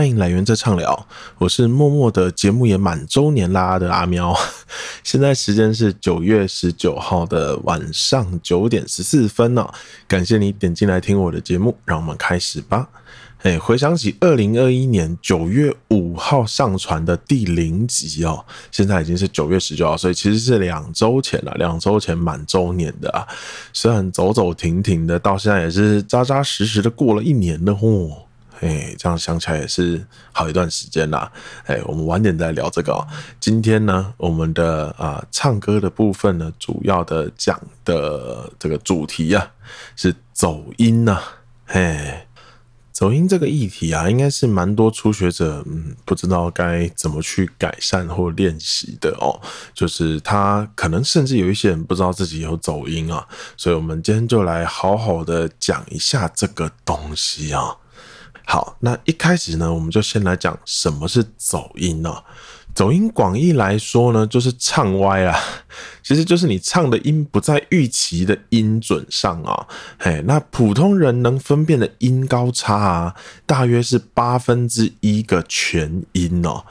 歡迎來緣側唱聊，我是默默的節目也滿週年啦，啦的阿喵，現在時間是九月十九號的晚上九點十四分呢、哦。感謝你點進來聽我的節目，讓我們開始吧。哎，回想起二零二一年九月五號上傳的第零集哦，現在已經是九月十九號，所以其實是兩周前了、啊。兩周前滿週年的啊，雖然走走停停的，到現在也是扎扎實實的過了一年的嚯。哎，這樣想起來也是好一段時間啦。哎，我們晚點再聊這個、喔。今天呢，我們的啊、呃、唱歌的部分呢，主要的講的這個主題呀、啊、是走音吶、啊。嘿，走音這個議題啊，應該是蠻多初學者嗯不知道該怎麼去改善或練習的哦、喔。就是他可能甚至有一些人不知道自己有走音啊，所以我們今天就來好好的講一下這個東西啊。好，那一開始呢，我們就先來講什麼是走音呢、哦？走音廣義來說呢，就是唱歪啦、啊，其實就是你唱的音不在預期的音準上啊、哦。嘿，那普通人能分辨的音高差啊，大約是八分之一個全音哦。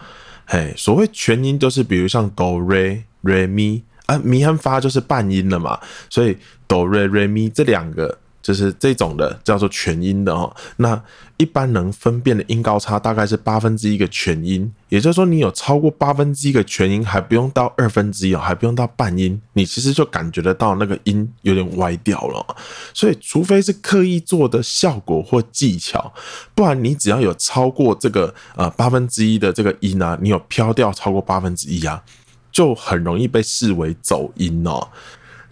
嘿，所謂全音就是，比如像哆瑞瑞咪啊咪和發就是半音了嘛，所以哆瑞瑞咪這兩個。就是這種的叫做全音的哦、喔，那一般能分辨的音高差大概是八分之一個全音，也就是說你有超過八分之一個全音還不用到二分之一，哦，還不用到半音，你其實就感覺得到那個音有點歪掉了、喔。所以除非是刻意做的效果或技巧，不然你只要有超過這個呃八分之一的這個音呢、啊，你有飄掉超過八分之一啊，就很容易被視為走音哦、喔。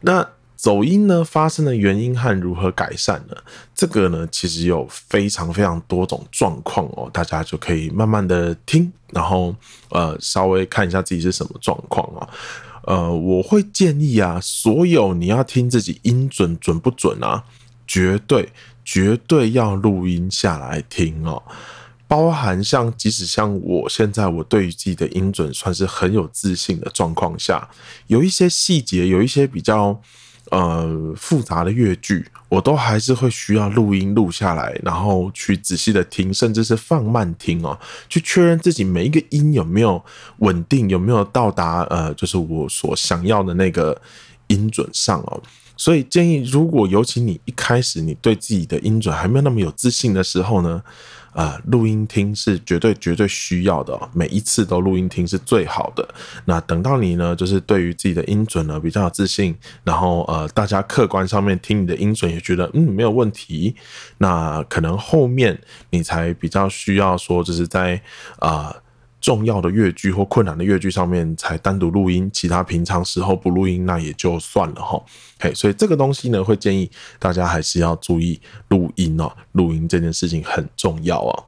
那走音呢，發生的原因和如何改善呢？這個呢，其實有非常非常多種狀況哦，大家就可以慢慢的聽，然後，呃，稍微看一下自己是什麼狀況啊。呃，我會建議啊，所有你要聽自己音準準不準啊，絕對，絕對要錄音下來聽哦。包含像，即使像我現在我對於自己的音準算是很有自信的狀況下，有一些細節，有一些比較。呃，複雜的樂句，我都還是會需要錄音錄下來，然後去仔細的聽，甚至是放慢聽哦，去確認自己每一個音有沒有穩定，有沒有到達呃，就是我所想要的那個音準上哦。所以建議，如果尤其你一開始你對自己的音準還沒有那麼有自信的時候呢，呃，錄音聽是絕對絕對需要的，每一次都錄音聽是最好的。那等到你呢，就是對於自己的音準呢比較有自信，然後呃，大家客觀上面聽你的音準也覺得嗯沒有問題，那可能後面你才比較需要說，就是在啊、呃。重要的樂句或困難的樂句上面才單獨錄音，其他平常時候不錄音，那也就算了吼嘿，所以這個東西呢，會建議大家還是要注意錄音哦，錄音這件事情很重要哦。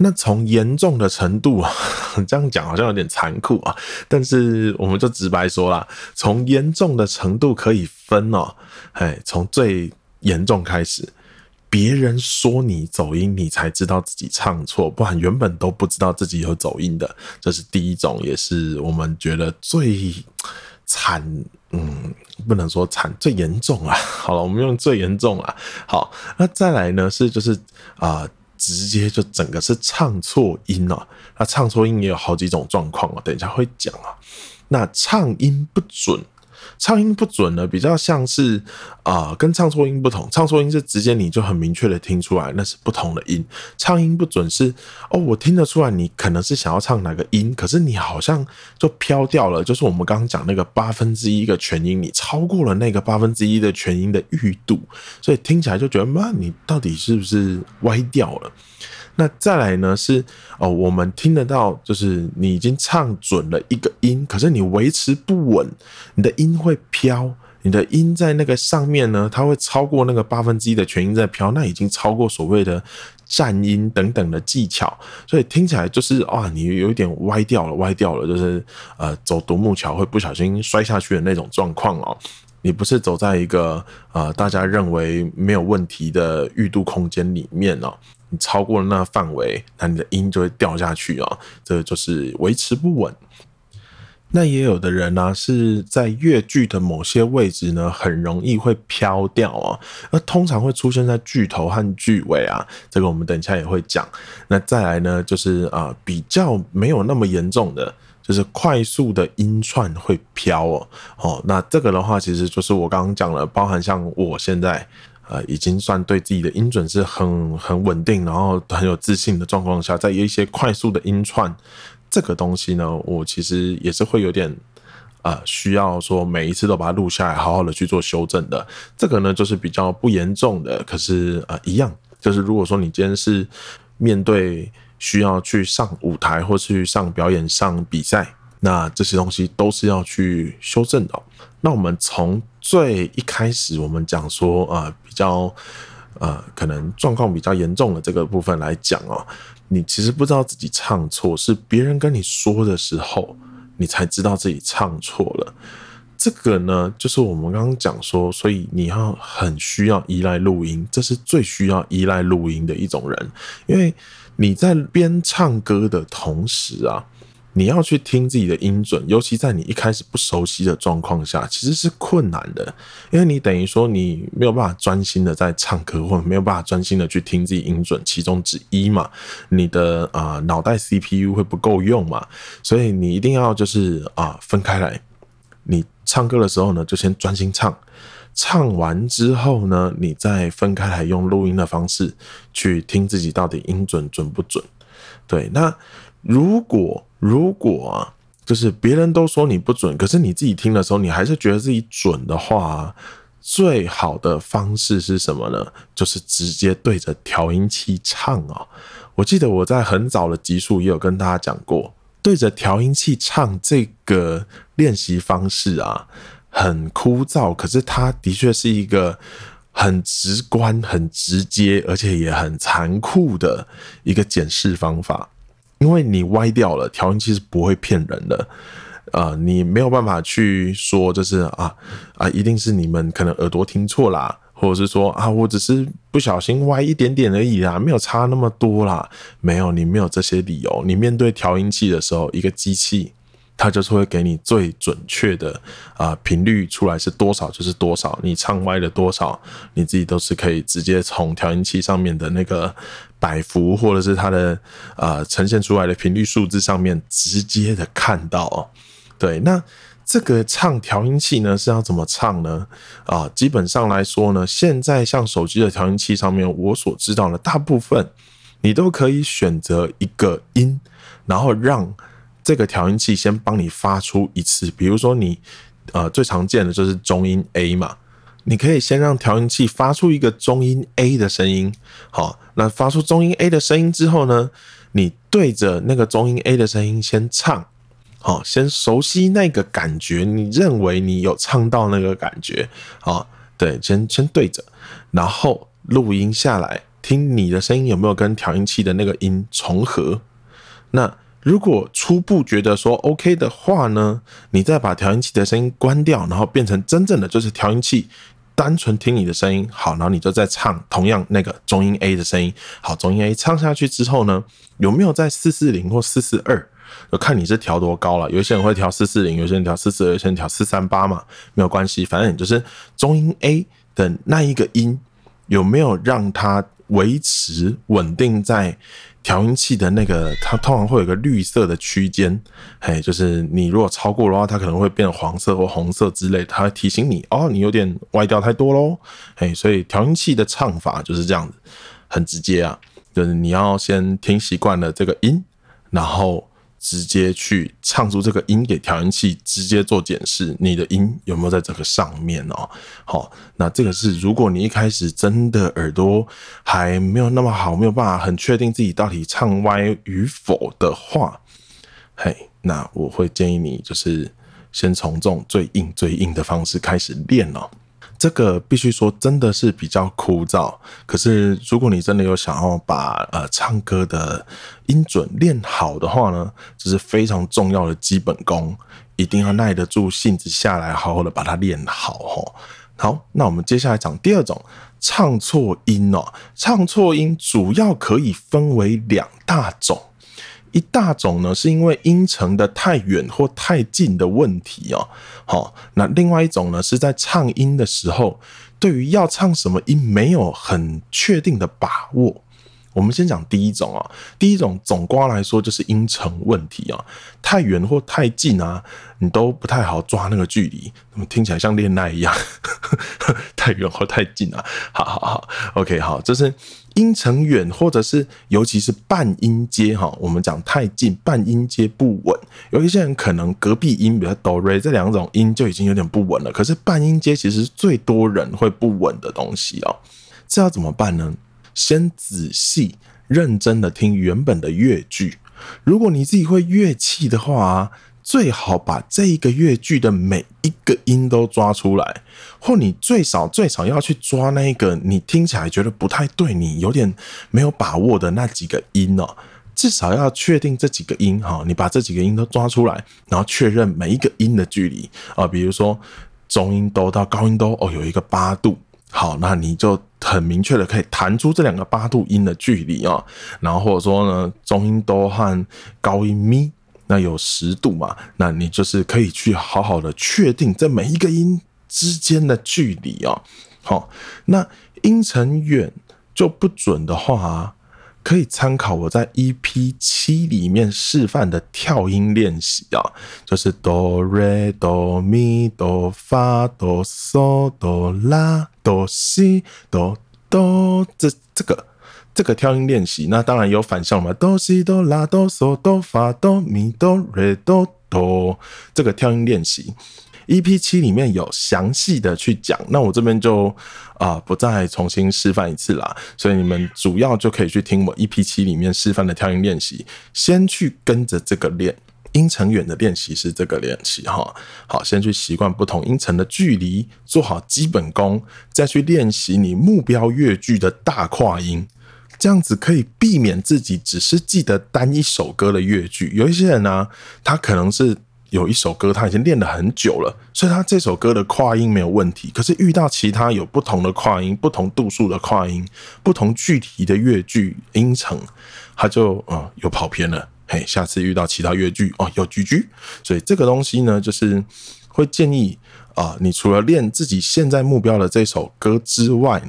那從嚴重的程度，呵呵這樣講好像有點殘酷啊，但是我們就直白說啦，從嚴重的程度可以分哦，嘿，從最嚴重開始。別人說你走音，你才知道自己唱錯，不然原本都不知道自己有走音的。這是第一種，也是我們覺得最慘，嗯，不能說慘，最嚴重啊。好了，我們用最嚴重啊。好，那再來呢？是就是啊、呃，直接就整個是唱錯音了，喔。那唱錯音也有好幾種狀況啊，等一下會講啊，喔。那唱音不準。唱音不準呢，比較像是啊、呃，跟唱錯音不同。唱錯音是直接你就很明確的聽出來，那是不同的音。唱音不準是哦，我聽得出來你可能是想要唱哪個音，可是你好像就飄掉了。就是我們剛剛講那個八分之一個全音，你超過了那個八分之一的全音的裕度，所以聽起來就覺得嘛，你到底是不是歪掉了？那再來呢是哦，我們聽得到，就是你已經唱準了一個音，可是你維持不穩，你的音會飄，你的音在那個上面呢，它會超過那個八分之一的全音在飄，那已經超過所謂的顫音等等的技巧，所以聽起來就是啊、哦，你有一點歪掉了，歪掉了，就是呃，走獨木橋會不小心摔下去的那種狀況哦，你不是走在一個呃大家認為沒有問題的裕度空間裡面哦。你超過了那個範圍，那你的音就會掉下去啊、哦，這個、就是維持不穩。那也有的人呢、啊、是在樂句的某些位置呢，很容易會飄掉啊、哦。那通常會出現在句頭和句尾啊，這個我們等一下也會講。那再來呢，就是啊，比較沒有那麼嚴重的，就是快速的音串會飄哦。哦，那這個的話，其實就是我剛剛講了，包含像我現在。呃，已經算對自己的音準是很很穩定，然後很有自信的狀況下，在一些快速的音串這個東西呢，我其實也是會有點啊、呃，需要說每一次都把它錄下來，好好的去做修正的。這個呢，就是比較不嚴重的。可是啊、呃，一樣就是如果說你今天是面對需要去上舞台或是去上表演、上比賽，那這些東西都是要去修正的哦。那我們從。最一開始，我們講說，呃，比較，呃，可能狀況比較嚴重的這個部分來講哦，你其實不知道自己唱錯，是別人跟你說的時候，你才知道自己唱錯了。這個呢，就是我們剛剛講說，所以你要很需要依賴錄音，這是最需要依賴錄音的一種人，因為你在邊唱歌的同時啊。你要去聽自己的音準，尤其在你一開始不熟悉的狀況下，其實是困難的，因為你等於說你沒有辦法專心的在唱歌，或者沒有辦法專心的去聽自己音準其中之一嘛，你的啊、呃、腦袋 CPU 會不夠用嘛，所以你一定要就是啊、呃、分開來，你唱歌的時候呢，就先專心唱，唱完之後呢，你再分開來用錄音的方式去聽自己到底音準準不準。對，那如果。如果啊就是別人都說你不準，可是你自己聽的時候，你還是覺得自己準的話，最好的方式是什麼呢？就是直接對着調音器唱哦。我記得我在很早的集數也有跟大家講過，對着調音器唱這個練習方式啊，很枯燥，可是它的確是一個很直觀、很直接，而且也很殘酷的一個檢視方法。因為你歪掉了，調音器是不會騙人的，啊、呃，你沒有辦法去說就是啊啊，一定是你們可能耳朵聽錯啦、啊，或者是說啊，我只是不小心歪一點點而已啦、啊，沒有差那麼多啦，沒有，你沒有這些理由。你面對調音器的時候，一個機器，它就是會給你最準確的啊、呃、頻率出來是多少就是多少，你唱歪了多少，你自己都是可以直接從調音器上面的那個。擺幅或者是它的呃呈現出來的頻率數字上面直接的看到哦，對，那這個唱調音器呢是要怎麼唱呢？啊，基本上來說呢，現在像手機的調音器上面，我所知道的大部分，你都可以選擇一個音，然後讓這個調音器先幫你發出一次，比如說你呃最常見的就是中音 A 嘛，你可以先讓調音器發出一個中音 A 的聲音，好，那發出中音 A 的聲音之後呢，你對着那個中音 A 的聲音先唱，好，先熟悉那個感覺，你認為你有唱到那個感覺，好，對，先先對着，然後錄音下來，聽你的聲音有沒有跟調音器的那個音重合。那如果初步覺得說 OK 的話呢，你再把調音器的聲音關掉，然後變成真正的就是調音器。單純聽你的聲音好，然後你就在唱同樣那個中音 A 的聲音好，中音 A 唱下去之後呢，有沒有在四四零或四四二？就看你是調多高了。有些人會調四四零，有些人調四四二，有些人調四三八嘛，沒有關係，反正你就是中音 A 的那一個音，有沒有讓它維持穩定在？調音器的那個，它通常會有個綠色的區間，嘿，就是你如果超過的話，它可能會變黃色或紅色之類，它會提醒你哦，你有點歪掉太多嘍，嘿，所以調音器的唱法就是這樣子，很直接啊，就是你要先聽習慣了這個音，然後。直接去唱出這個音給調音器，直接做檢視，你的音有沒有在這個上面哦？好，那這個是如果你一開始真的耳朵還沒有那麼好，沒有辦法很確定自己到底唱歪與否的話，嘿，那我會建議你就是先從這種最硬最硬的方式開始練哦。這個必須說真的是比較枯燥，可是如果你真的有想要把呃唱歌的音準練好的話呢，這是非常重要的基本功，一定要耐得住性子下來，好好的把它練好哦。好，那我們接下來講第二種，唱錯音哦。唱錯音主要可以分為兩大種。一大種呢，是因為音程的太遠或太近的問題哦。好，那另外一種呢，是在唱音的時候，對於要唱什麼音沒有很確定的把握。我們先講第一種啊，第一種總括來說就是音程問題啊，太遠或太近啊，你都不太好抓那個距離，那麼聽起來像戀愛一樣？ 太遠或太近啊？好好好，OK，好，這、就是。音程遠，或者是尤其是半音階哈，我們講太近，半音階不穩。有一些人可能隔壁音，比較哆瑞這兩種音就已經有點不穩了。可是半音階其實是最多人會不穩的東西哦，這要怎麼辦呢？先仔細認真的聽原本的樂句。如果你自己會樂器的話、啊。最好把這一個樂句的每一個音都抓出來，或你最少最少要去抓那一個你聽起來覺得不太對，你有點沒有把握的那幾個音哦，至少要確定這幾個音哈，你把這幾個音都抓出來，然後確認每一個音的距離啊，比如說中音哆到，到高音哆哦，有一個八度，好，那你就很明確的可以彈出這兩個八度音的距離啊，然後或者說呢，中音哆和高音咪。那有十度嘛？那你就是可以去好好的確定這每一個音之間的距離哦，好、哦，那音程遠就不準的話，可以參考我在 EP 七裡面示範的跳音練習啊，就是哆瑞哆咪哆發哆嗦哆拉哆西哆哆，這這個。這個跳音練習，那當然有反向嘛。哆西哆拉哆嗦哆發哆咪哆唻哆哆。這個跳音練習，EP 七裡面有詳細的去講，那我這邊就啊、呃、不再重新示範一次啦。所以你們主要就可以去聽我 EP 七裡面示範的跳音練習，先去跟着這個練。音程遠的練習是這個練習哈。好，先去習慣不同音程的距離，做好基本功，再去練習你目標樂句的大跨音。這樣子可以避免自己只是記得單一首歌的樂句。有一些人呢、啊，他可能是有一首歌他已經練了很久了，所以他這首歌的跨音沒有問題。可是遇到其他有不同的跨音、不同度數的跨音、不同具體的樂句音程，他就啊又、呃、跑偏了。嘿，下次遇到其他樂句哦，又、呃、GG。所以這個東西呢，就是會建議啊、呃，你除了練自己現在目標的這首歌之外，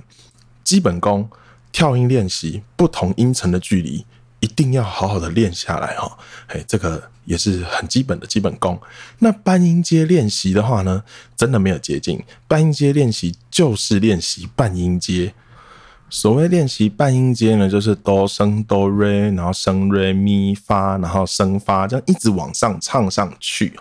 基本功。跳音練習，不同音程的距離一定要好好的練下來哈、哦。哎，這個也是很基本的基本功。那半音階練習的話呢，真的沒有捷徑。半音階練習就是練習半音階。所謂練習半音階呢，就是哆升哆瑞，然後升瑞咪發，然後升發，這樣一直往上唱上去，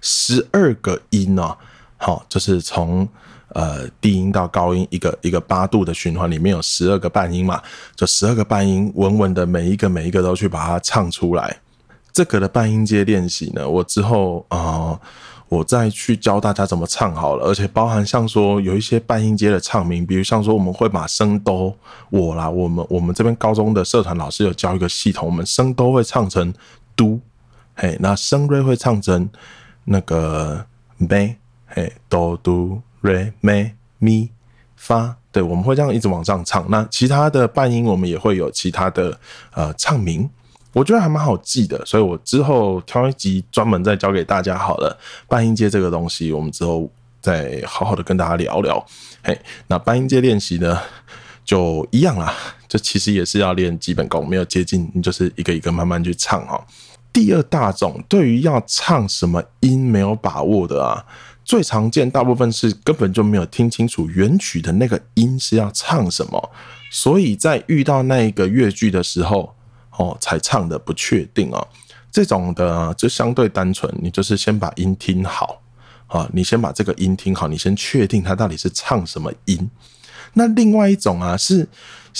十二個音啊。好，就是從。呃，低音到高音一個一個八度的循環，裡面有十二個半音嘛？就十二個半音，穩穩的每一個每一個都去把它唱出來。這個的半音階練習呢，我之後啊、呃，我再去教大家怎麼唱好了。而且包含像說有一些半音階的唱名，比如像說我們會把升都我啦，我們我們這邊高中的社團老師有教一個系統，我們升都會唱成嘟嘿，那升瑞會唱成那個唄嘿，哆嘟。re me, mi fa，對，我們會這樣一直往上唱。那其他的半音，我們也會有其他的呃唱名，我覺得還蠻好記的。所以我之後挑一集專門再教給大家好了。半音階這個東西，我們之後再好好的跟大家聊聊。嘿，那半音階練習呢，就一樣啦，這其實也是要練基本功，沒有捷徑，就是一個一個慢慢去唱哈。第二大種，對於要唱什麼音沒有把握的啊。最常見，大部分是根本就沒有聽清楚原曲的那個音是要唱什麼，所以在遇到那一個樂句的時候，哦，才唱的不確定啊、哦。這種的、啊、就相對單純，你就是先把音聽好啊，你先把這個音聽好，你先確定它到底是唱什麼音。那另外一種啊是。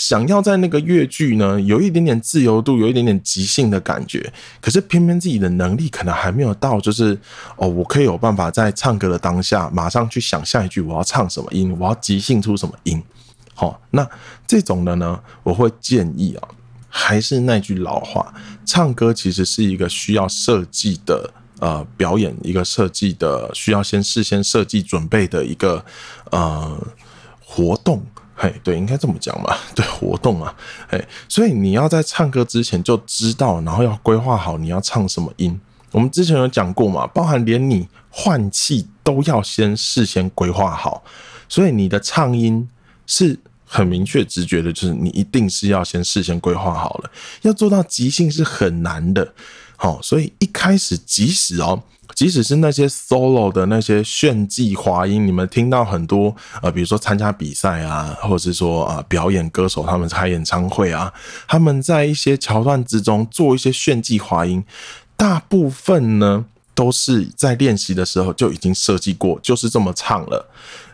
想要在那個樂句呢，有一點點自由度，有一點點即興的感覺。可是偏偏自己的能力可能還沒有到，就是哦，我可以有辦法在唱歌的當下，馬上去想下一句我要唱什麼音，我要即興出什麼音。好、哦，那這種的呢，我會建議啊、哦，還是那句老話，唱歌其實是一個需要設計的呃表演，一個設計的需要先事先設計準備的一個呃活動。哎，對，應該這麼講吧？對，活動啊。哎，所以你要在唱歌之前就知道，然後要規劃好你要唱什麼音。我們之前有講過嘛，包含連你換氣都要先事先規劃好，所以你的唱音是很明確、直覺的，就是你一定是要先事先規劃好了，要做到即興是很難的。好，哦，所以一開始即使哦。即使是那些 solo 的那些炫技滑音，你們聽到很多呃，比如說參加比賽啊，或者是說啊、呃、表演歌手他們開演唱會啊，他們在一些橋段之中做一些炫技滑音，大部分呢都是在練習的時候就已經設計過，就是這麼唱了。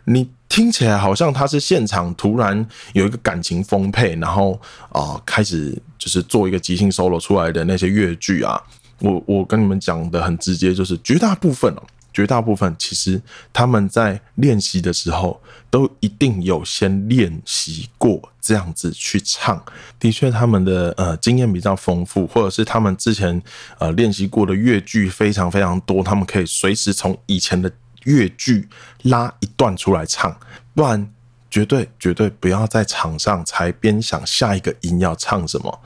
你聽起來好像他是現場突然有一個感情豐沛，然後啊、呃、開始就是做一個即興 solo 出來的那些樂句啊。我我跟你們講的很直接，就是絕大部分，絕大部分其實他們在練習的時候都一定有先練習過這樣子去唱。的確，他們的呃經驗比較豐富，或者是他們之前呃練習過的樂句非常非常多，他們可以隨時從以前的樂句拉一段出來唱。不然，絕對絕對不要在場上才邊想下一個音要唱什麼。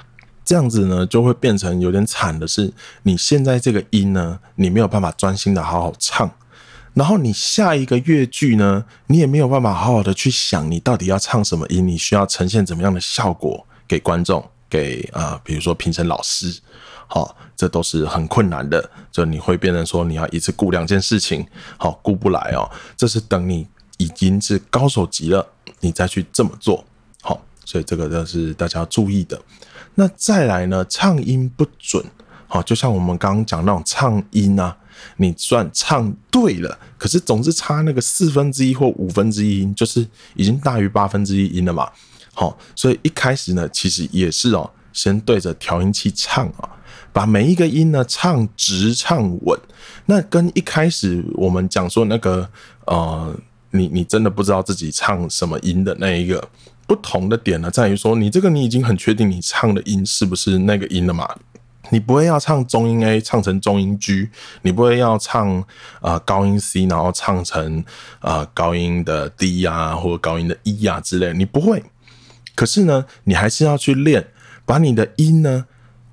這樣子呢，就會變成有點慘的是，你現在這個音呢，你沒有辦法專心的好好唱，然後你下一個樂句呢，你也沒有辦法好好的去想你到底要唱什麼音，你需要呈現怎麼樣的效果給觀眾，給啊、呃，比如說評審老師，好、哦，這都是很困難的，就你會變成說你要一次顧兩件事情，好、哦、顧不來哦，這是等你已經是高手級了，你再去這麼做好、哦，所以這個都是大家要注意的。那再來呢，唱音不準，好，就像我們剛剛講那種唱音啊，你算唱對了，可是總是差那個四分之一或五分之一音，就是已經大於八分之一音了嘛。好，所以一開始呢，其實也是哦，先對着調音器唱啊，把每一個音呢唱直唱穩。那跟一開始我們講說那個呃，你你真的不知道自己唱什麼音的那一個。不同的點呢，在於說，你這個你已經很確定你唱的音是不是那個音了嘛？你不會要唱中音 A 唱成中音 G，你不會要唱啊、呃、高音 C，然後唱成啊、呃、高音的 D 呀、啊，或高音的 E 呀、啊、之類，你不會。可是呢，你還是要去練，把你的音呢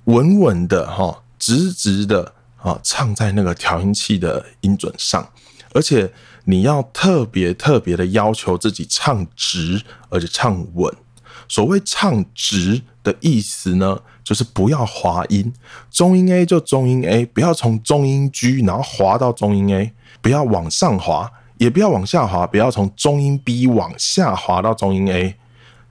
穩穩的哈，直直的啊，唱在那個調音器的音準上，而且，你要特別特別的要求自己唱直，而且唱穩。所謂唱直的意思呢，就是不要滑音，中音 A 就中音 A，不要從中音 G 然後滑到中音 A，不要往上滑，也不要往下滑，不要從中音 B 往下滑到中音 A。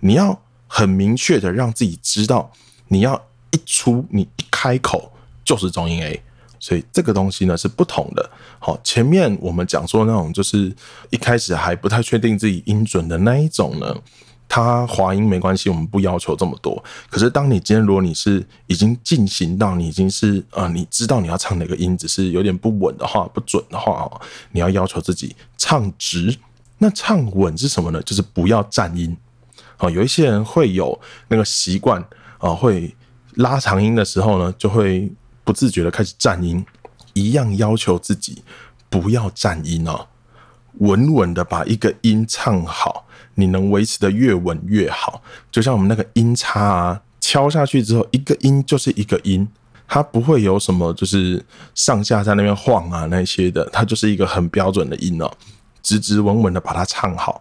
你要很明確的讓自己知道，你要一出你一開口就是中音 A。所以這個東西呢是不同的。好，前面我們講說那種就是一開始還不太確定自己音準的那一種呢，它滑音沒關係，我們不要求這麼多。可是當你今天如果你是已經進行到你已經是啊、呃，你知道你要唱哪個音，只是有點不穩的話，不準的話，你要要求自己唱直。那唱穩是什麼呢？就是不要站音。啊，有一些人會有那個習慣啊，會拉長音的時候呢，就會。不自覺的開始顫音，一樣要求自己不要顫音哦，穩穩的把一個音唱好，你能維持得越穩越好。就像我們那個音叉啊，敲下去之後，一個音就是一個音，它不會有什麼就是上下在那邊晃啊那些的，它就是一個很標準的音哦，直直穩穩的把它唱好。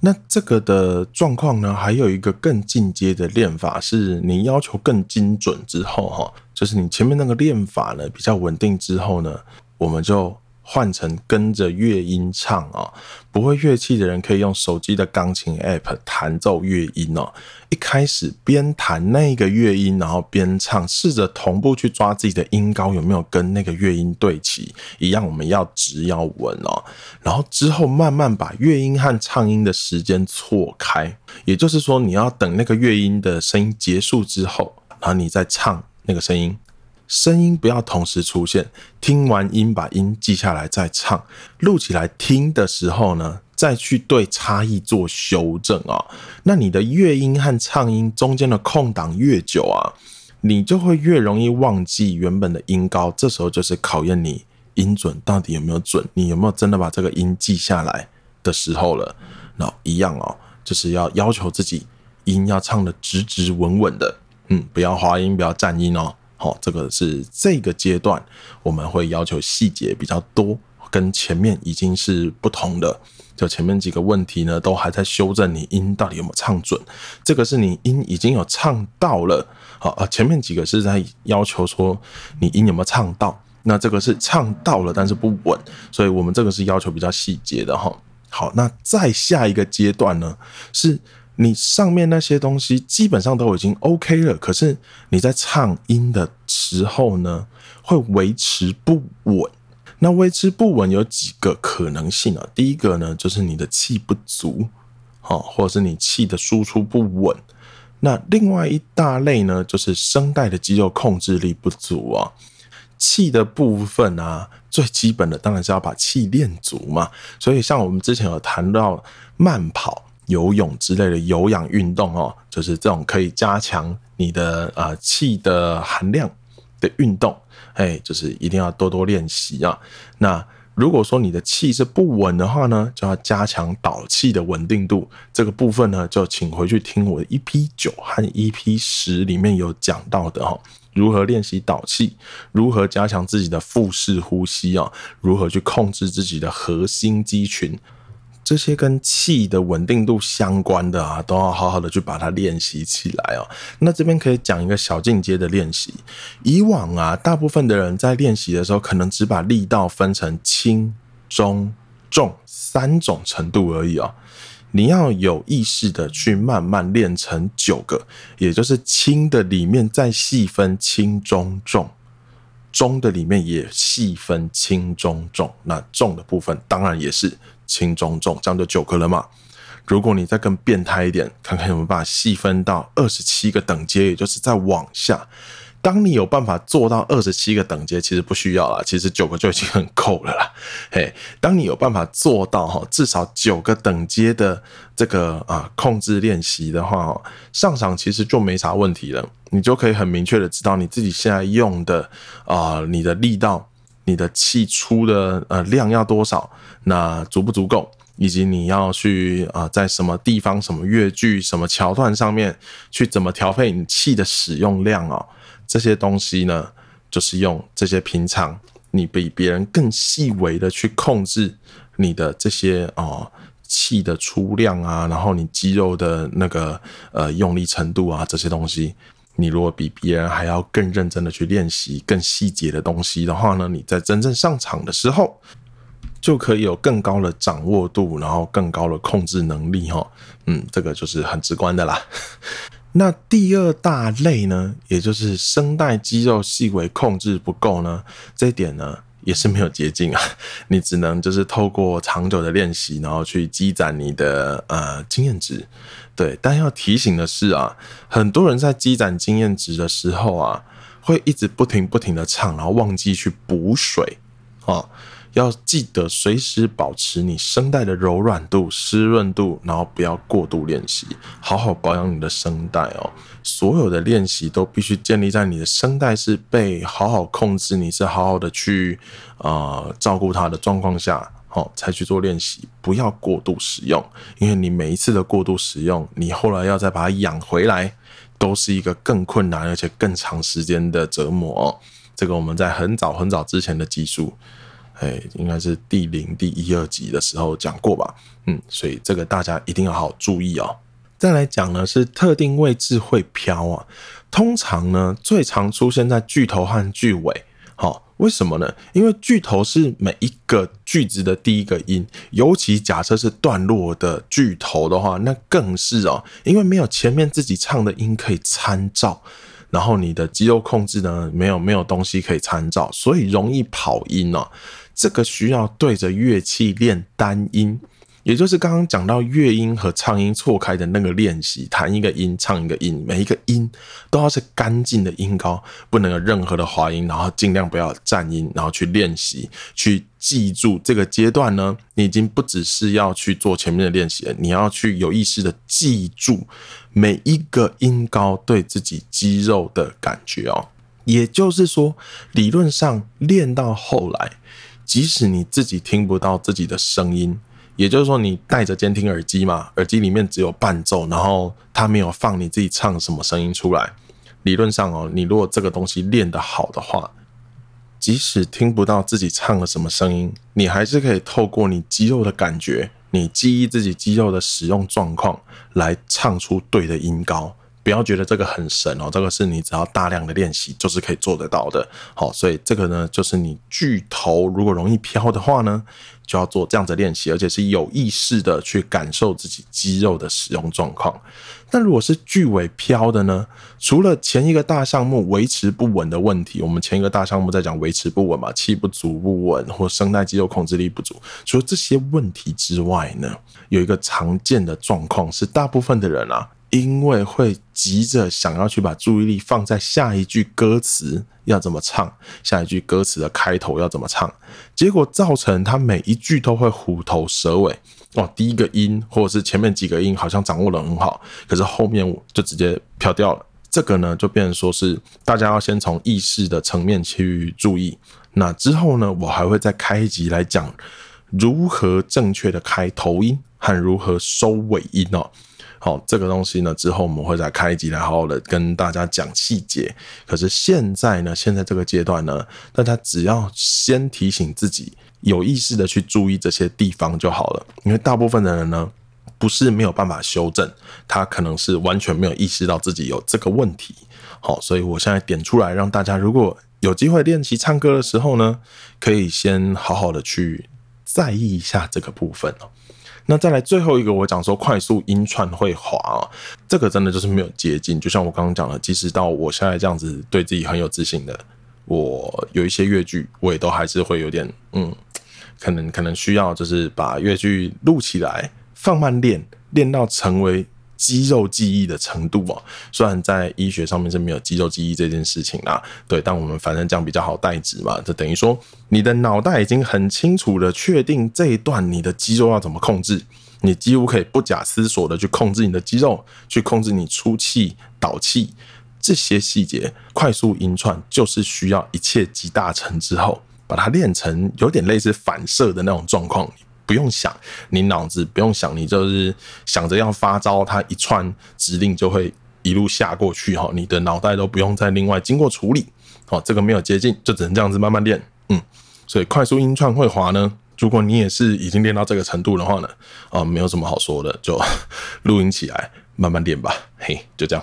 那這個的狀況呢，還有一個更進階的練法，是你要求更精準之後，哈，就是你前面那個練法呢，比較穩定之後呢，我們就。換成跟着樂音唱啊！不會樂器的人可以用手機的鋼琴 app 彈奏樂音哦。一開始邊彈那個樂音，然後邊唱，試着同步去抓自己的音高有沒有跟那個樂音對齊，一樣我們要直要穩哦。然後之後慢慢把樂音和唱音的時間錯開，也就是說，你要等那個樂音的聲音結束之後，然後你再唱那個聲音。聲音不要同時出現，聽完音把音記下來再唱，錄起來聽的時候呢，再去對差異做修正啊、哦。那你的樂音和唱音中間的空檔越久啊，你就會越容易忘記原本的音高。這時候就是考驗你音準到底有沒有準，你有沒有真的把這個音記下來的時候了。然後一樣哦，就是要要求自己音要唱得直直穩穩的，嗯，不要滑音，不要顫音哦。好，這個是這個階段我們會要求細節比較多，跟前面已經是不同的。就前面幾個問題呢，都還在修正你音到底有沒有唱準。這個是你音已經有唱到了，好啊。前面幾個是在要求說你音有沒有唱到，那這個是唱到了，但是不穩。所以我們這個是要求比較細節的哈。好，那再下一個階段呢是。你上面那些東西基本上都已經 OK 了，可是你在唱音的時候呢，會維持不穩。那維持不穩有幾個可能性啊？第一個呢，就是你的氣不足，哦，或者是你氣的輸出不穩。那另外一大類呢，就是聲帶的肌肉控制力不足啊。氣的部分啊，最基本的當然是要把氣練足嘛。所以像我們之前有談到慢跑。游泳之類的有氧運動哦，就是這種可以加強你的啊氣、呃、的含量的運動，哎，就是一定要多多練習啊。那如果說你的氣是不穩的話呢，就要加強導氣的穩定度，這個部分呢，就請回去聽我的 EP 九和 EP 十裡面有講到的哦，如何練習導氣，如何加強自己的腹式呼吸哦，如何去控制自己的核心肌群。這些跟氣的穩定度相關的啊，都要好好的去把它練習起來喔。那這邊可以講一個小進階的練習。以往啊，大部分的人在練習的時候，可能只把力道分成輕、中、重三種程度而已喔。你要有意識的去慢慢練成九個，也就是輕的裡面再細分輕、中、重；中的裡面也細分輕、中、重；那重的部分當然也是。輕中重，這樣就九個了嘛。如果你再更變態一點，看看有沒有辦法細分到二十七個等階，也就是再往下。當你有辦法做到二十七個等階，其實不需要了，其實九個就已經很夠了啦。嘿，當你有辦法做到哈，至少九個等階的這個啊、呃、控制練習的話，上場其實就沒啥問題了。你就可以很明確的知道你自己現在用的啊、呃，你的力道、你的氣出的呃量要多少。那足不足夠，以及你要去啊、呃，在什麼地方、什麼樂句、什麼橋段上面去怎麼調配你氣的使用量啊、哦？這些東西呢，就是用這些平常你比別人更細微的去控制你的這些哦氣的出量啊，然後你肌肉的那個呃用力程度啊，這些東西，你如果比別人還要更認真的去練習更細節的東西的話呢，你在真正上場的時候。就可以有更高的掌握度，然後更高的控制能力哈、哦。嗯，這個就是很直觀的啦。 那第二大類呢，也就是聲帶肌肉細微控制不夠呢，這一點呢也是沒有捷徑啊。你只能就是透過長久的練習，然後去積攢你的呃經驗值。對，但要提醒的是啊，很多人在積攢經驗值的時候啊，會一直不停不停的唱，然後忘記去補水啊。哦要記得隨時保持你聲帶的柔軟度、濕潤度，然後不要過度練習，好好保養你的聲帶哦。所有的練習都必須建立在你的聲帶是被好好控制，你是好好的去啊、呃、照顧它的狀況下，好、哦、才去做練習，不要過度使用，因為你每一次的過度使用，你後來要再把它養回來，都是一個更困難而且更長時間的折磨、哦。這個我們在很早很早之前的集數。誒，應該是第零、第一、二集的時候講過吧？嗯，所以這個大家一定要好好注意哦。再來講呢，是特定位置會飄啊。通常呢，最常出現在句頭和句尾。好、喔，為什麼呢？因為句頭是每一個句子的第一個音，尤其假設是段落的句頭的話，那更是哦，因為沒有前面自己唱的音可以參照。然後你的肌肉控制呢，沒有沒有東西可以參照，所以容易跑音哦。這個需要對着樂器練單音。也就是剛剛講到樂音和唱音錯開的那個練習，彈一個音唱一個音，每一個音都要是乾淨的音高，不能有任何的滑音，然後盡量不要顫音，然後去練習，去記住這個階段呢，你已經不只是要去做前面的練習了，你要去有意識地記住每一個音高對自己肌肉的感覺哦。也就是說，理論上練到後來，即使你自己聽不到自己的聲音。也就是說，你戴着監聽耳機嘛，耳機裡面只有伴奏，然後它沒有放你自己唱什麼聲音出來。理論上哦，你如果這個東西練得好的話，即使聽不到自己唱了什麼聲音，你還是可以透過你肌肉的感覺，你記憶自己肌肉的使用狀況，來唱出對的音高。不要覺得這個很神哦，這個是你只要大量的練習就是可以做得到的。好，所以這個呢，就是你句頭如果容易飄的話呢，就要做這樣子的練習，而且是有意識的去感受自己肌肉的使用狀況。但如果是句尾飄的呢，除了前一個大項目維持不穩的問題，我們前一個大項目在講維持不穩嘛，氣不足不穩或聲帶肌肉控制力不足，除了這些問題之外呢，有一個常見的狀況是大部分的人啊。因為會急着想要去把注意力放在下一句歌詞要怎麼唱，下一句歌詞的開頭要怎麼唱，結果造成他每一句都會虎頭蛇尾哦。第一個音或者是前面幾個音好像掌握得很好，可是後面我就直接飄掉了。這個呢，就變成說是大家要先從意識的層面去注意。那之後呢，我還會再開一集來講如何正確的開頭音和如何收尾音哦。好，這個東西呢，之後我們會再開集來好好的跟大家講細節。可是現在呢，現在這個階段呢，大家只要先提醒自己，有意識的去注意這些地方就好了。因為大部分的人呢，不是沒有辦法修正，他可能是完全沒有意識到自己有這個問題。好，所以我現在點出來，讓大家如果有機會練習唱歌的時候呢，可以先好好的去在意一下這個部分。那再來最後一個，我講說快速音串會滑，這個真的就是沒有捷徑。就像我剛剛講的，即使到我現在這樣子對自己很有自信的，我有一些樂句，我也都還是會有點嗯，可能可能需要就是把樂句錄起來，放慢練，練到成為肌肉記憶的程度啊，雖然在醫學上面是沒有肌肉記憶這件事情啦，對，但我們反正這樣比較好代指嘛，就等於說你的腦袋已經很清楚的確定這一段你的肌肉要怎麼控制，你幾乎可以不假思索的去控制你的肌肉，去控制你出氣、導氣這些細節，快速音串就是需要一切集大成之後，把它練成有點類似反射的那種狀況。不用想，你腦子不用想，你就是想着要發招，它一串指令就會一路下過去哈，你的腦袋都不用再另外經過處理，好，這個沒有捷徑，就只能這樣子慢慢練，嗯，所以快速音串會滑呢，如果你也是已經練到這個程度的話呢，啊、呃，沒有什麼好說的，就錄音起來慢慢練吧，嘿，就這樣。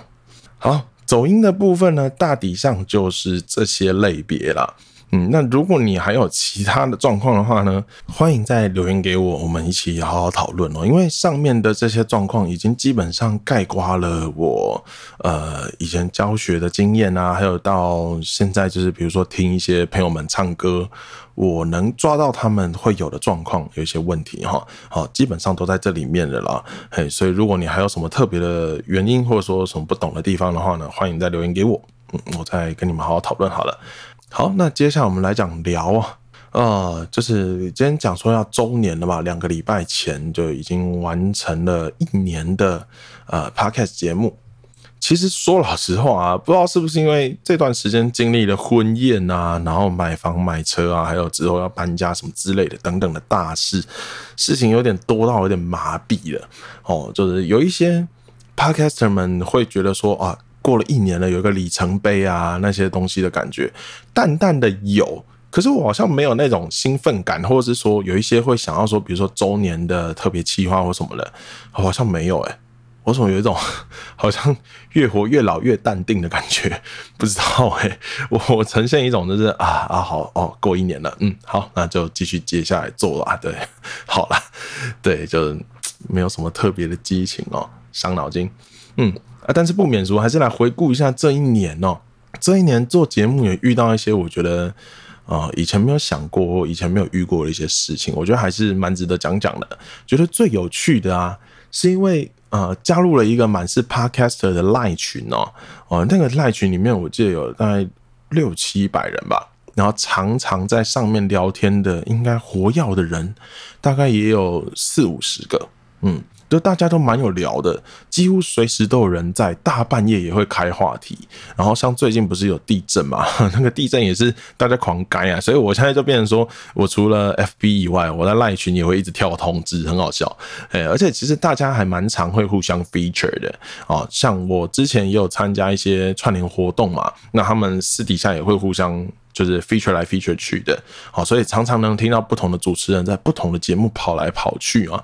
好，走音的部分呢，大體上就是這些類別了。嗯，那如果你還有其他的狀況的話呢，歡迎再留言給我，我們一起好好討論哦。因為上面的這些狀況已經基本上概括了我呃以前教學的經驗啊，還有到現在就是比如說聽一些朋友們唱歌，我能抓到他們會有的狀況有一些問題哈，好，基本上都在這裡面了啦。嘿，所以如果你還有什麼特別的原因或者說什麼不懂的地方的話呢，歡迎再留言給我，嗯，我再跟你們好好討論好了。好，那接下來我們來講聊啊，呃，就是今天講說要周年了吧？兩個禮拜前就已經完成了一年的呃 podcast 節目。其實說老實話啊，不知道是不是因為這段時間經歷了婚宴啊，然後買房買車啊，還有之後要搬家什麼之類的等等的大事，事情有點多到有點麻痹了哦。就是有一些 podcaster 們會覺得說啊。呃過了一年了，有一個里程碑啊，那些東西的感覺，淡淡的有，可是我好像沒有那種興奮感，或者是說有一些會想要說，比如說周年的特別計劃或什麼的，好像沒有哎、欸，我怎麼有一種好像越活越老越淡定的感覺？不知道哎、欸，我我呈現一種就是啊啊好哦，過一年了，嗯，好，那就繼續接下來做吧，對，好了，對，就沒有什麼特別的激情哦、喔，傷腦筋，嗯。啊，但是不免俗，還是來回顧一下這一年哦、喔。這一年做節目也遇到一些，我覺得啊、呃，以前沒有想過，以前沒有遇過的一些事情，我覺得還是蠻值得講講的。覺得最有趣的啊，是因為啊、呃，加入了一個滿是 podcaster 的 LINE 群哦、喔。哦、呃，那個 LINE 群裡面，我記得有大概六七百人吧，然後常常在上面聊天的，應該活躍的人大概也有四五十個，嗯。就大家都蠻有聊的，幾乎隨時都有人在，大半夜也會開話題。然後像最近不是有地震嘛，那個地震也是大家狂改啊，所以我現在就變成說，我除了 FB 以外，我在賴群也會一直跳通知，很好笑。誒、欸，而且其實大家還蠻常會互相 feature 的哦。像我之前也有參加一些串聯活動嘛，那他們私底下也會互相就是 feature 來 feature 去的。哦。所以常常能聽到不同的主持人在不同的節目跑來跑去啊。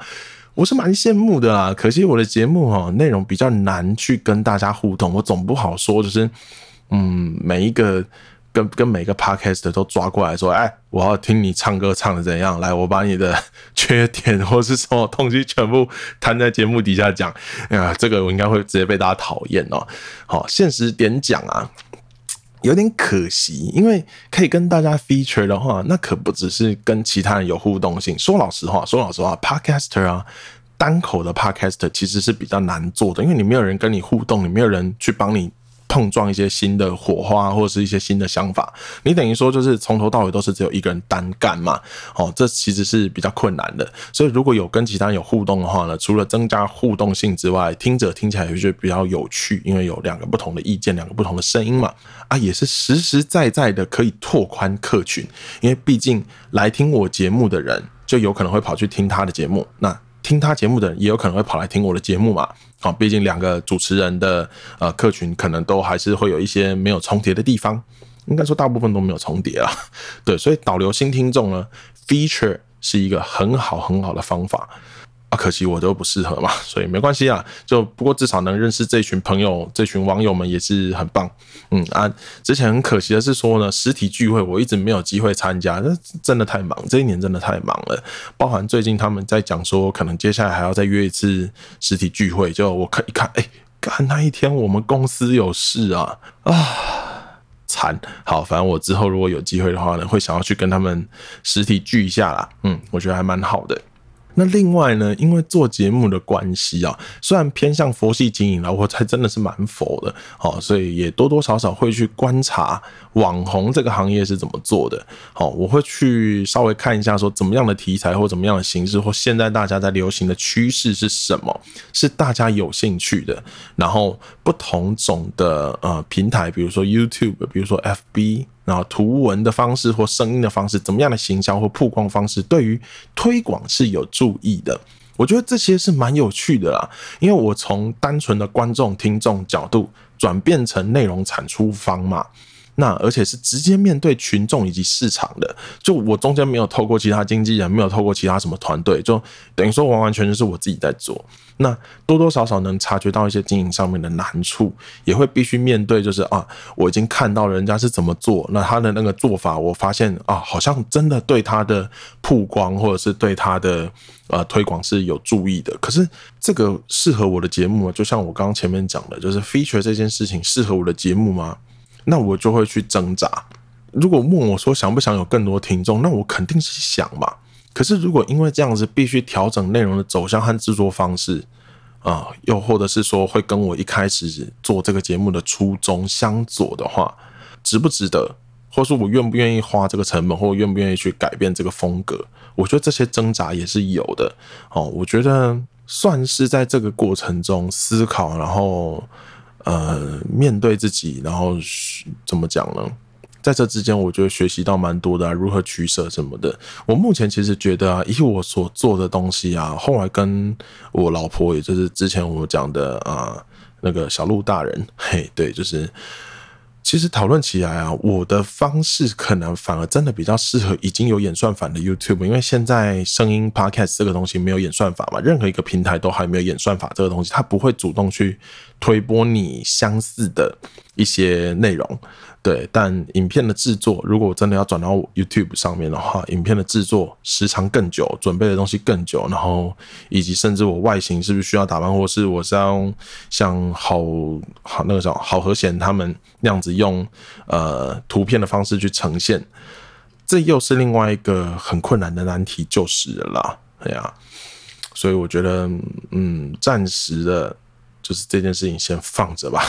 我是蠻羨慕的啦，可惜我的節目哈、喔、內容比較難去跟大家互動，我總不好說，就是嗯，每一個跟跟每一個 podcaster 都抓過來說，哎、欸，我要聽你唱歌唱得怎樣？來，我把你的缺點或是什麼東西全部攤在節目底下講，哎、呃、呀，這個我應該會直接被大家討厭哦。好，現實點講啊。有點可惜，因為可以跟大家 feature 的話，那可不只是跟其他人有互動性。說老實話，說老實話，Podcaster 啊，單口的 Podcaster 其實是比較難做的，因為你沒有人跟你互動，你沒有人去幫你。碰撞一些新的火花，或者是一些新的想法。你等於說就是從頭到尾都是只有一個人單幹嘛。哦，這其實是比較困難的。所以如果有跟其他人有互動的話呢，除了增加互動性之外，聽者聽起來也就比較有趣，因為有兩個不同的意見，兩個不同的聲音嘛。啊，也是實實在在在的可以拓寬客群，因為畢竟來聽我節目的人，就有可能會跑去聽他的節目。那。聽他節目的人，也有可能會跑來聽我的節目嘛。啊，畢竟兩個主持人的呃客群，可能都還是會有一些沒有重疊的地方，應該說大部分都沒有重疊啊。對，所以導流新聽眾呢，feature 是一個很好很好的方法。啊，可惜我都不適合嘛，所以沒關係啊。就不過至少能認識這群朋友，這群網友們也是很棒。嗯啊，之前很可惜的是說呢，實體聚會我一直沒有機會參加，那真的太忙，這一年真的太忙了。包含最近他們在講說，可能接下來還要再約一次實體聚會，就我看一看，哎，幹那一天我們公司有事啊啊，慘。好，反正我之後如果有機會的話呢，會想要去跟他們實體聚一下啦。嗯，我覺得還蠻好的。那另外呢，因為做節目的關係啊，雖然偏向佛系經營了，我才真的是蠻佛的哦，所以也多多少少會去觀察網紅這個行業是怎麼做的。好，我會去稍微看一下，說怎麼樣的題材或怎麼樣的形式，或現在大家在流行的趨勢是什麼，是大家有興趣的。然後不同種的呃平台，比如說 YouTube，比如說 FB。然後圖文的方式或聲音的方式，怎麼樣的形象或曝光方式，對於推廣是有助益的。我覺得這些是蠻有趣的啦，因為我從單純的觀眾聽眾角度轉變成內容產出方嘛，那而且是直接面對群眾以及市場的，就我中間沒有透過其他經紀人，沒有透過其他什麼團隊，就等於說完完全全是我自己在做。那多多少少能察覺到一些經營上面的難處，也會必須面對，就是啊，我已經看到人家是怎麼做，那他的那個做法，我發現啊，好像真的對他的曝光或者是對他的呃推廣是有助益的。可是這個適合我的節目，就像我剛剛前面講的，就是 feature 這件事情適合我的節目嗎？那我就會去掙扎。如果問我說想不想有更多聽眾，那我肯定是想嘛。可是如果因為這樣子必須調整內容的走向和制作方式，啊，又或者是說會跟我一開始做這個節目的初衷相左的話，值不值得，或者我願不願意花這個成本，或願不願意去改變這個風格，我覺得這些掙扎也是有的。哦，我覺得算是在這個過程中思考，然後呃面對自己，然後怎麼講呢？在這之間，我覺得學習到蠻多的啊，如何取捨什麼的。我目前其實覺得啊，以我所做的東西啊，後來跟我老婆，也就是之前我講的啊，那個小鹿大人，嘿，對，就是其實討論起來啊，我的方式可能反而真的比較適合已經有演算法的 YouTube，因為現在聲音 Podcast 這個東西沒有演算法嘛，任何一個平台都還沒有演算法這個東西，它不會主動去推播你相似的一些內容，對，但影片，的製作，如果我真的要轉到 YouTube 上面的話，影片的製作時長更久，準備的東西更久，然後以及甚至我外形是不是需要打扮，或是我是要用像好好那個叫好和弦他們那樣子用呃圖片的方式去呈現，這又是另外一個很困難的難題就，就是了，哎呀，所以我覺得，嗯，暫時的，就是這件事情先放着吧。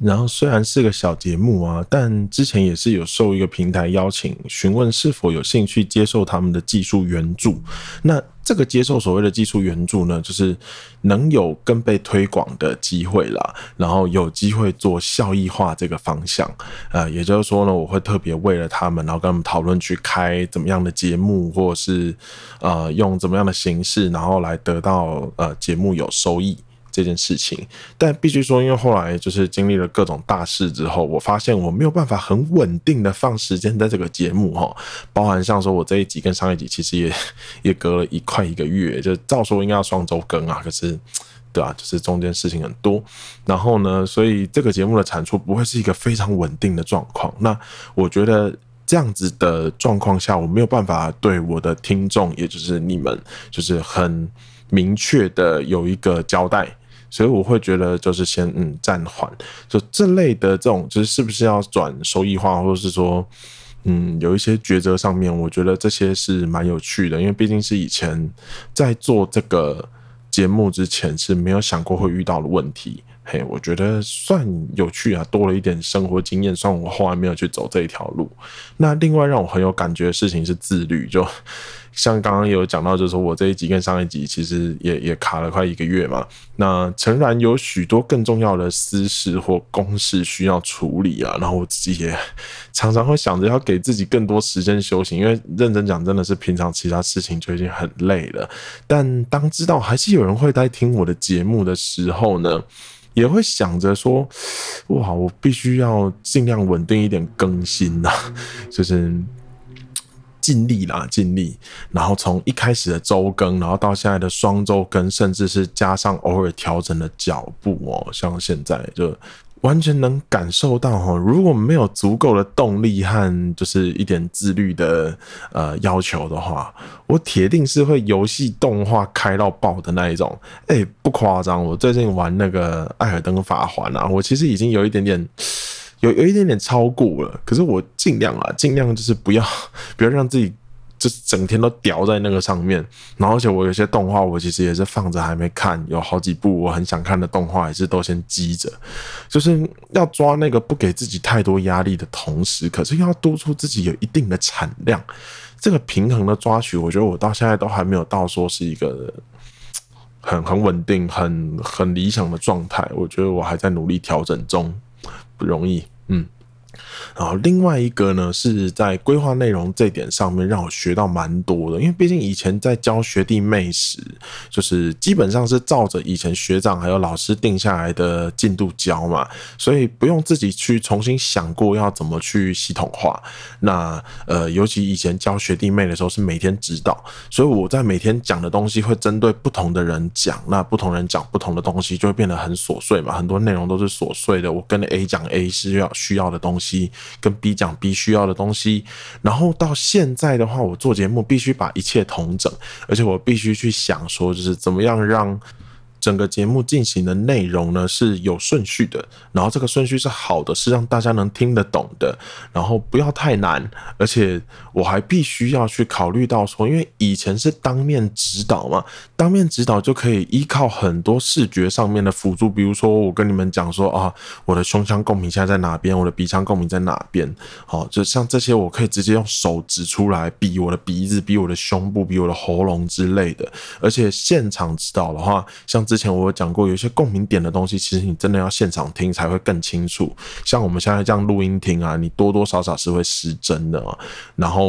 然後雖然是個小節目啊，但之前也是有受一個平台邀請，詢問是否有興趣接受他們的技術援助。那這個接受所謂的技術援助呢，就是能有更被推廣的機會了，然後有機會做效益化這個方向。呃，也就是說呢，我會特別為了他們，然後跟他們討論去開怎麼樣的節目，或者是呃用怎麼樣的形式，然後來得到呃節目有收益。這件事情，但必須說，因為後來就是經歷了各種大事之後，我發現我沒有辦法很穩定的放時間在這個節目哈，包含像說，我這一集跟上一集其實也也隔了一塊一個月，就照說應該要雙周更啊，可是，對啊，就是中間事情很多，然後呢，所以這個節目的產出不會是一個非常穩定的狀況。那我覺得這樣子的狀況下，我沒有辦法對我的聽眾，也就是你們，就是很明確的有一個交代。所以我會覺得，就是先嗯暫緩，就這類的這種，就是是不是要轉收益化，或者是說，嗯，有一些抉擇上面，我覺得這些是蠻有趣的，因為畢竟是以前在做這個節目之前是沒有想過會遇到的問題。嘿，hey, 我覺得算有趣啊，多了一點生活經驗。算我後來沒有去走這一條路。那另外讓我很有感覺的事情是自律，就像剛剛有講到，就是說我這一集跟上一集其實也也卡了快一個月嘛。那誠然有許多更重要的私事或公事需要處理啊，然後我自己也常常會想着要給自己更多時間休息，因為認真講，真的是平常其他事情就已經很累了。但當知道還是有人會在聽我的節目的時候呢，也會想着說，哇，我必須要盡量穩定一點更新吶，啊，就是盡力啦，盡力。然後從一開始的周更，然後到現在的雙周更，甚至是加上偶爾調整的腳步哦，像現在就。完全能感受到哈，如果沒有足夠的動力和就是一點自律的呃要求的話，我鐵定是會遊戲動畫開到爆的那一種。哎、欸，不誇張，我最近玩那個《艾爾登法環》啊，我其實已經有一點點，有有一點點超過了。可是我盡量啊，盡量就是不要不要讓自己。就整天都吊在那個上面，然後而且我有些動畫，我其實也是放着還沒看，有好幾部我很想看的動畫也是都先積着，就是要抓那個不給自己太多壓力的同時，可是要督促自己有一定的產量，這個平衡的抓取，我覺得我到現在都還沒有到說是一個很很穩定、很很理想的狀態，我覺得我還在努力調整中，不容易，嗯。然後另外一個呢，是在規劃內容這點上面，讓我學到蠻多的。因為畢竟以前在教學弟妹時，就是基本上是照着以前學長還有老師定下來的進度教嘛，所以不用自己去重新想過要怎麼去系統化。那呃，尤其以前教學弟妹的時候是每天指導，所以我在每天講的東西會針對不同的人講，那不同人講不同的東西就會變得很瑣碎嘛，很多內容都是瑣碎的。我跟 A 講 A 是要需要的東西。東西跟 B 講 B 需要的東西，然後到現在的話，我做節目必須把一切統整，而且我必須去想說，就是怎麼樣讓整個節目進行的內容呢，是有順序的，然後這個順序是好的，是讓大家能聽得懂的，然後不要太難，而且。我還必須要去考慮到說，因為以前是當面指導嘛，當面指導就可以依靠很多視覺上面的輔助，比如說我跟你們講說啊，我的胸腔共鳴現在在哪邊，我的鼻腔共鳴在哪邊，好，就像這些，我可以直接用手指出來，比我的鼻子，比我的胸部，比我的喉嚨之類的。而且現場指導的話，像之前我有講過，有一些共鳴點的東西，其實你真的要現場聽才會更清楚。像我們現在這樣錄音聽啊，你多多少少是會失真的啊，然後。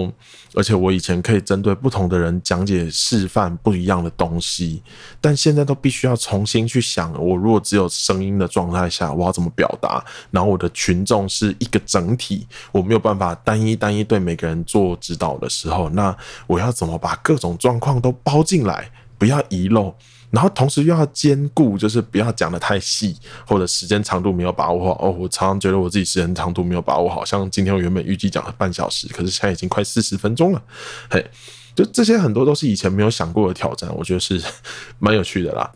而且我以前可以針對不同的人講解示範不一樣的東西，但現在都必須要重新去想。我如果只有聲音的狀態下，我要怎麼表達？然後我的群眾是一個整體，我沒有辦法單一單一對每個人做指導的時候，那我要怎麼把各種狀況都包進來，不要遺漏。然後同時又要兼顧，就是不要講得太細，或者時間長度沒有把握好。哦，我常常覺得我自己時間長度沒有把握好，像今天我原本預計講了半小時，可是現在已經快四十分鐘了。嘿，就這些很多都是以前沒有想過的挑戰，我覺得是呵呵蠻有趣的啦。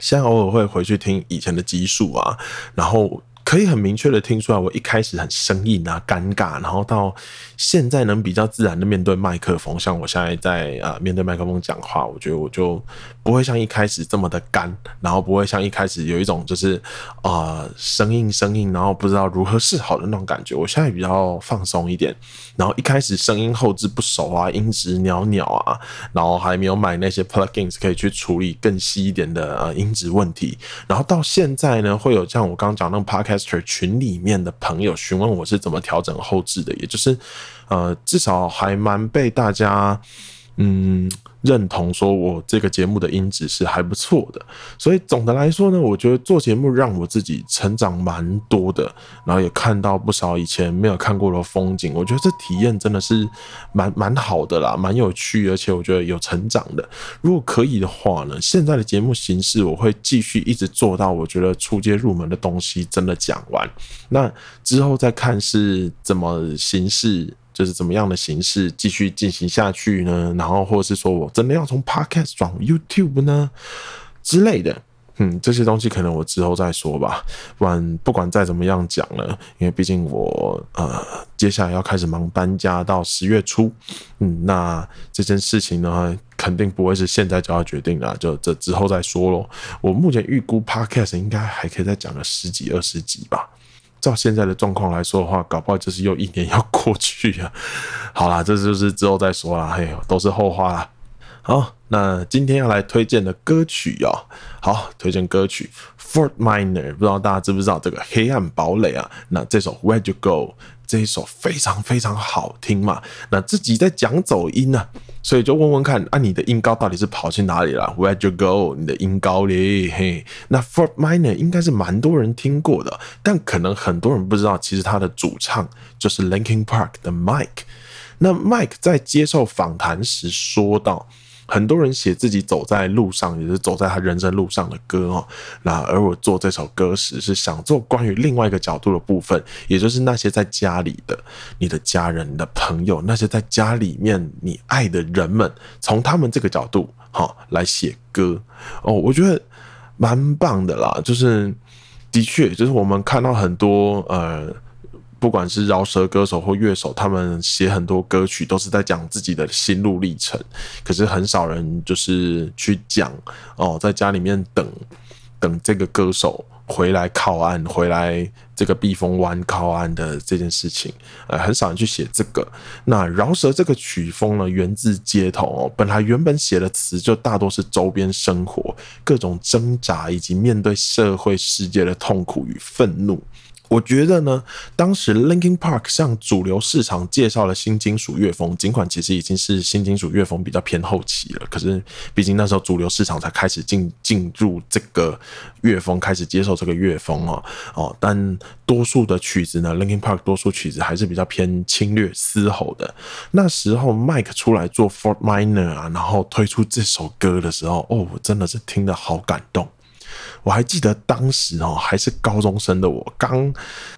現在偶爾會回去聽以前的集數啊，然後可以很明確的聽出來，我一開始很生硬啊、尷尬，然後到現在能比較自然的面對麥克風，像我現在在啊、呃，面對麥克風講話，我覺得我就。不會像一開始這麼的乾，然後不會像一開始有一種就是，呃，生硬生硬，然後不知道如何是好的那種感覺。我現在比較放鬆一點，然後一開始聲音後製不熟啊，音質鳥鳥啊，然後還沒有買那些 plugins 可以去處理更細一點的呃音質問題。然後到現在呢，會有像我剛剛講那個 podcaster 群裡面的朋友詢問我是怎麼調整後製的，也就是，呃，至少還蠻被大家，嗯，認同說，我這個節目的音質是還不錯的，所以總的來說呢，我覺得做節目讓我自己成長蠻多的，然後也看到不少以前沒有看過的風景，我覺得這體驗真的是蠻蠻好的啦，蠻有趣，而且我覺得有成長的。如果可以的話呢，現在的節目形式我會繼續一直做到，我覺得初階入門的東西真的講完，那之後再看是怎麼形式。就是怎麼樣的形式繼續進行下去呢？然後，或者是說我真的要從 Podcast 轉 YouTube 呢之類的？嗯，這些東西可能我之後再說吧。不管不管再怎麼樣講了，因為畢竟我呃接下來要開始忙搬家到十月初，嗯，那這件事情呢，肯定不會是現在就要決定的，就這之後再說咯。我目前預估 Podcast 應該還可以再講個十幾二十集吧。照現在的狀況來說的話，搞不好就是又一年要過去呀。好啦，這就是之後再說了，嘿，都是後話了。好，那今天要來推薦的歌曲哦、喔，好，推薦歌曲《Fort Minor》，不知道大家知不知道這個黑暗堡壘啊？那這首《Where'd You Go》這一首非常非常好聽嘛。那自己在講走音呢、啊。所以就問問看，啊，你的音高到底是跑去哪裡了？Where'd you go？你的音高哩，嘿。那 Fort Minor 應該是蠻多人聽過的，但可能很多人不知道，其實他的主唱就是 Linkin Park 的 Mike。那 Mike 在接受訪談時說到。很多人寫自己走在路上，也就是走在他人生路上的歌哦。那而我做這首歌時，是想做關於另外一個角度的部分，也就是那些在家裡的你的家人、你的朋友，那些在家裡面你愛的人們，從他們這個角度哈、哦、來寫歌哦。我覺得蠻棒的啦，就是的確，就是我們看到很多呃。不管是饒舌歌手或樂手，他們寫很多歌曲都是在講自己的心路歷程。可是很少人就是去講哦，在家裡面等等這個歌手回來靠岸，回來這個避風灣靠岸的這件事情。呃，很少人去寫這個。那饒舌這個曲風呢，源自街頭哦，本來原本寫的詞就大多是周邊生活、各種掙扎以及面對社會世界的痛苦與憤怒。我覺得呢，當時 Linkin Park 向主流市場介紹了新金屬樂風，儘管其實已經是新金屬樂風比較偏後期了，可是畢竟那時候主流市場才開始進進入這個樂風，開始接受這個樂風哦。哦，但多數的曲子呢，Linkin Park 多數曲子還是比較偏侵略嘶吼的。那時候 Mike 出來做 Fort Minor 啊，然後推出這首歌的時候，哦，我真的是聽得好感動。我還記得當時哦，還是高中生的我，剛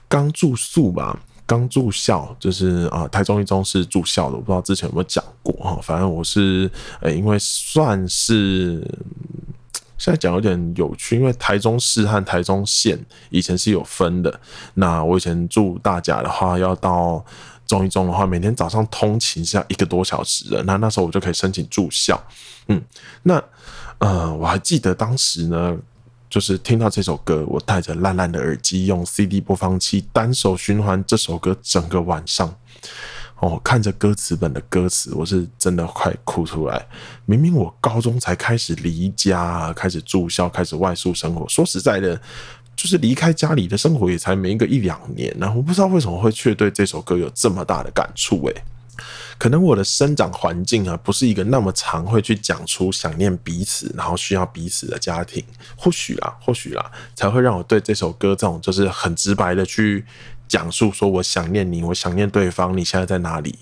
剛住宿吧，剛住校，就是啊、呃，台中一中是住校的，我不知道之前有沒有講過哈。反正我是、欸、因為算是現在講有點有趣，因為台中市和台中縣以前是有分的。那我以前住大甲的話，要到中一中的話，每天早上通勤是要一個多小時的。那那時候我就可以申請住校。嗯，那呃，我還記得當時呢。就是聽到這首歌，我戴着爛爛的耳機，用 CD 播放器單手循環這首歌整個晚上。哦，看着歌詞本的歌詞，我是真的快哭出來。明明我高中才開始離家，開始住校，開始外宿生活。說實在的，就是離開家裡的生活也才沒個一兩年呢、啊。我不知道為什麼會卻對這首歌有這麼大的感觸、欸，誒。可能我的生長環境啊，不是一個那麼常會去講出想念彼此，然後需要彼此的家庭，或許啦，或許啦，才會讓我對這首歌這種就是很直白的去講述說我想念你，我想念對方，你現在在哪裡？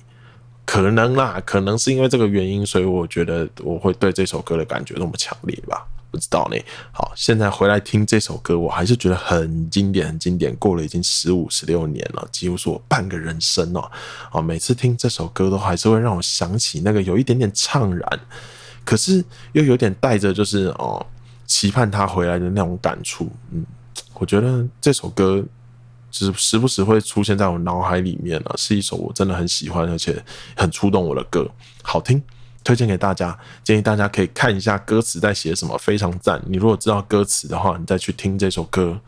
可能啦，可能是因為這個原因，所以我覺得我會對這首歌的感覺那麼強烈吧。不知道呢。好，現在回來聽這首歌，我還是覺得很經典，很經典。過了已經十五、十六年了，幾乎是我半個人生哦。啊，每次聽這首歌，都還是會讓我想起那個有一點點悵然，可是又有點帶着就是哦，期盼他回來的那種感觸。嗯，我覺得這首歌就是時不時會出現在我腦海裡面了，是一首我真的很喜歡，而且很觸動我的歌，好聽。推薦給大家，建議大家可以看一下歌詞在寫什麼，非常讚。你如果知道歌詞的話，你再去聽這首歌，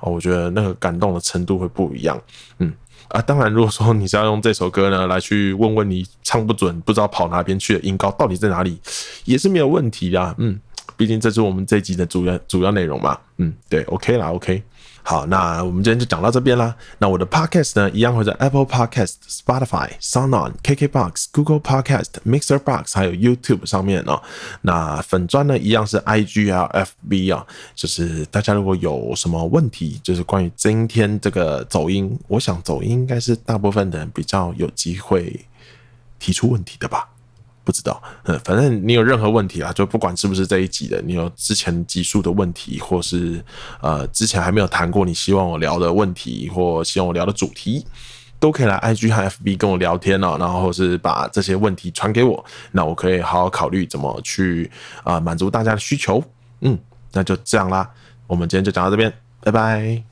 哦，我覺得那個感動的程度會不一樣。嗯啊，當然，如果說你是要用這首歌呢來去問問你唱不準、不知道跑哪邊去的音高到底在哪裡，也是沒有問題啦。嗯，畢竟這是我們這集的主要主要內容嘛。嗯，對，OK 啦，OK。好，那我們今天就講到這邊啦。那我的 podcast 呢，一樣會在 Apple Podcast、Spotify、SoundOn、KKBOX、Google Podcast、MixerBox，還有 YouTube 上面哦。那粉專呢，一樣是 IGLFB 啊、哦，就是大家如果有什麼問題，就是關於今天這個走音，我想走音應該是大部分的人比較有機會提出問題的吧。不知道，嗯，反正你有任何問題啊，就不管是不是這一集的，你有之前集數的問題，或是呃之前還沒有談過你希望我聊的問題，或希望我聊的主題，都可以來 IG 和 FB 跟我聊天哦，然後或是把這些問題傳給我，那我可以好好考慮怎麼去啊滿足大家的需求。嗯，那就這樣啦，我們今天就講到這邊，拜拜。